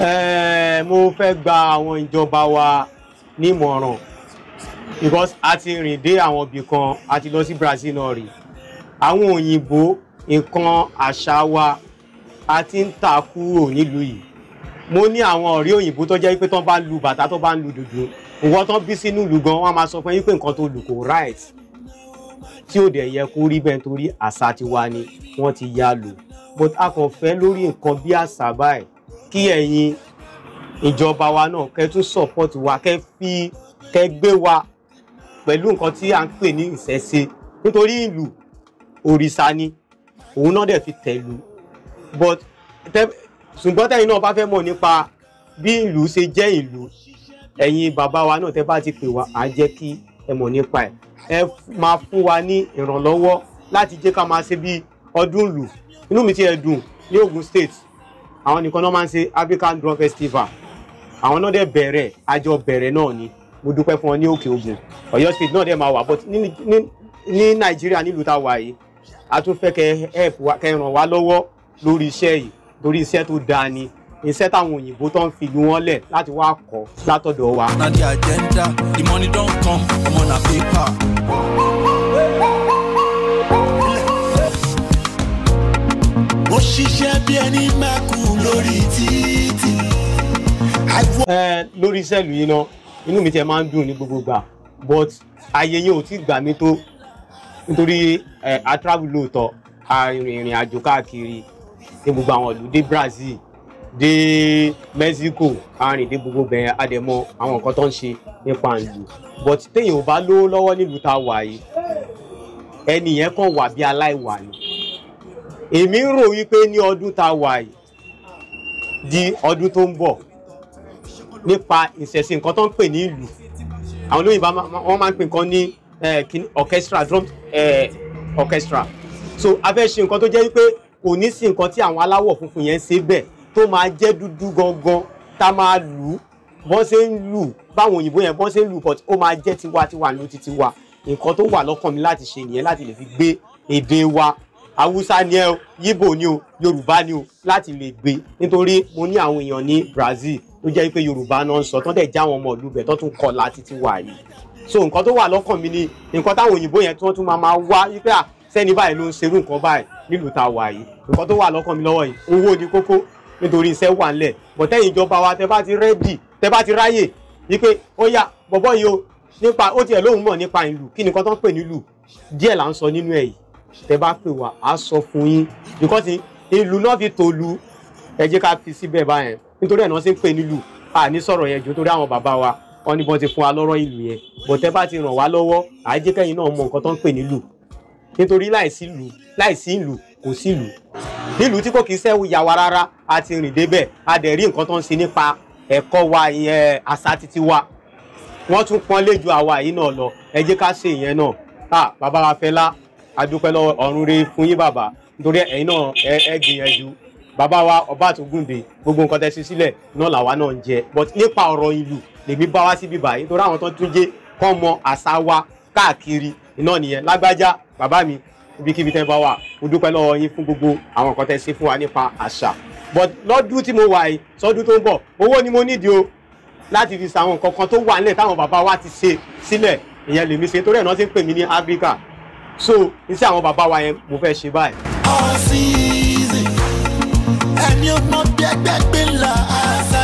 Eh, mo fẹ́ gba àwọn ìjọba wa nímọ̀ràn because a ti rìn dé àwọn ibì kan a ti lọ sí Brazil náà rí àwọn òyìnbó nǹkan àṣà wa a ti ń ta kúrò nílùú yìí mo ní àwọn ọ̀rẹ́ òyìnbó tó jẹ́ pé tán bá lu bàtà tó bá ń lu dùdú nǹkan tán bí sínú ìlú gan wọn máa sọ fún yín pé nǹkan tó lù kò right tí ò dẹ̀ yẹ kó rí bẹ́ẹ̀ torí àṣà tiwa ni wọ́n ti yá lò but a kàn fẹ́ lórí nǹkan bí àṣà báyìí kí ẹ̀yin ìjọba wa náà kẹ́ tún support wa kẹ́ fi kẹ́ gbé wa pẹ̀lú nǹkan tí à ń pè ní ìṣẹ̀ṣe nítorí ìlú òrìṣà ni òun náà dẹ̀ fi tẹ̀lú but ṣùgbọ́n tẹ̀yin náà bá fẹ́ mọ̀ nípa bí ìlú ṣe jẹ́ ìlú ẹ̀yin bàbá wa náà tẹ́ bá ti pè wá á jẹ́ kí ẹ mọ̀ nípa ẹ̀ ẹ máa fún wa ní ìrànlọ́wọ́ láti jẹ́ ká máa ṣe bí ọdún ìlú inú mi ti ẹ̀ dùn ní Ògùn State àwọn nìkan náà máa ń ṣe African drum festival àwọn náà dẹ̀ bẹ̀rẹ̀ àjọ bẹ̀rẹ̀ náà ni mo dúpẹ́ fún wọn ní òkè ògùn Ọ̀yọ́ state náà dẹ̀ máa wà but ní Nàìjíríà nílùú tá a wà yìí a tún fẹ́ kẹ́ help wa kẹ́ ràn wá lọ́wọ́ lórí iṣẹ́ yìí torí iṣẹ́ tó dáa ni iṣẹ́ táwọn òyìnbó tó ń fi ìlú wọn lẹ̀ láti wá kọ́ látọ̀dọ̀ wa. na the agenda the money don come ọmọ na paper. ẹ eh, lórí sẹ́ẹ̀lù yìí náà inú mi tiẹ̀ máa ń dùn ní gbogbo gbà but ayé yẹn ò tí gbà mí tó nítorí ẹ eh, a travel lóòótọ́ a rìn ìrìn àjò káàkiri ní gbogbo àwọn ìlú dé Brazil dé Mexico a rìn dé gbogbo bẹ̀rẹ̀ àdẹ̀mọ àwọn nǹkan tó ń ṣe nípa ìlú but téèyàn ò bá lówó lọ́wọ́ nílùú tá a wà yìí ẹnì yẹn kàn wà bí aláìwà ni èmi ń rò wípé ní ọdún tá a wà yìí di ọdún tó ń bọ̀ nípa ìṣẹ̀sìn nǹkan tó ń pè ní ìlú àwọn olóyìnbá wọ́n máa ń pè nǹkan ní orchestra drum orchestra so a fẹ́ ṣe nǹkan tó jẹ́ wípé kò ní sí nǹkan tí àwọn aláwọ̀ funfun yẹn ṣe bẹ́ẹ̀ tó máa jẹ́ dúdú gangan tá a máa lù ú bọ́n ṣe ń lù báwọn òyìnbó yẹn bọ́n ṣe ń lù but ó máa jẹ́ tiwa tiwa ló ti tiwa nǹkan tó wà lọ́kàn mi láti ṣe nìyẹn láti lè fi gbé èdè wa haúsá ni ẹ o yíbò ni o yorùbá ni o láti lè gbé nítorí mo ní àwọn èèyàn ní Brazil tó jẹ́ pé yorùbá náà ń sọ tán dẹ̀ já àwọn ọmọ ìlú bẹ̀ tún kọ́ la títí wà yìí so nǹkan tó wà lọ́kàn mi ni nǹkan táwọn òyìnbó yẹn tí wọ́n tún máa máa wá wípé à sẹ́ni báyìí ló ń ṣerú nǹkan báyìí nílùú ta wà yìí nǹkan tó wà lọ́kàn mi lọ́wọ́ yìí owó ni kókó nítorí iṣẹ́ wà ńlẹ̀ bọ̀tẹ́yìn ìjọba wa tẹ bá ti rẹ́dì tẹ bá ti ráyè wípé ó yá bọ̀bọ́ yìí o nípa ó tiẹ̀ lóun mọ̀ nípa ìlú kí nìkan tó ń pè nílùú díẹ̀ là ń sọ nínú ẹ̀ yìí tẹ bá pè wá á sọ fún yín because ìlú náà fi tòlu ẹ ká fi síbẹ̀ báyẹn nítorí ẹ̀ náà ṣe ń pè nílùú a ní sọ̀rọ̀ yẹn jù torí àwọn bàbá wa wọn ní bọ́n ti fún wa lọ́rọ̀ ìlú yẹn bọ̀tẹ́ bá ti ràn wá lọ́wọ́ àjẹkẹ́yìn náà mọ nǹkan tó ń pè nílùú nítorí láìsí ìlú láìsí ìlú kò sí ìlú nílùú tí kò kì í sẹ́wù yà wá rárá a ti rìn débẹ̀ a dẹ̀ rí nǹkan tó ń ṣe nípa ẹ̀kọ́ wa ìyẹn àṣà títí wa wọ́n tún pọ́n lé ju àwa yìí náà lọ ẹ jẹ́ ká ṣe ìyẹn náà a bàbá wa Fẹlá a dúpẹ́ lọ́wọ́ ọ̀run rere fún yín bàbá nítorí ẹ̀yin náà ẹ gbìyànjú bàbá wa ọba àtúngúnde gbogbo nǹkan tẹ́ ṣe sílẹ̀ náà làwa náà ń jẹ but nípa ọ̀rọ̀ ìlú lèmi bá wá síbí báyìí nítorí àwọn tó tún jẹ́ kọ́ mọ àṣà wa káàkiri iná nìyẹn lágbájá bàbá mi ibikíbi tẹ́ bá wà mo dúpẹ́ lọ́wọ́ yín fún gbogbo àwọn nǹkan tẹ́ ṣe fún wa nípa àṣà but lọ́dún tí mo wà yìí sọ́dún tó ń bọ̀ owó ni mo nídìí o láti fi sàwọn nǹkan kan tó wà nílẹ̀ táwọn bàbá wa ti ṣe sílẹ̀ ìyẹn lèmi ṣe torí ẹ̀ náà ti ń pè mí ní Áfíríkà so iṣẹ́ àwọn bàbá wa yẹn mo fẹ́ ṣe báyìí. ọ̀sìn ẹni ó mọ bí ẹgbẹ́ gbé ńlá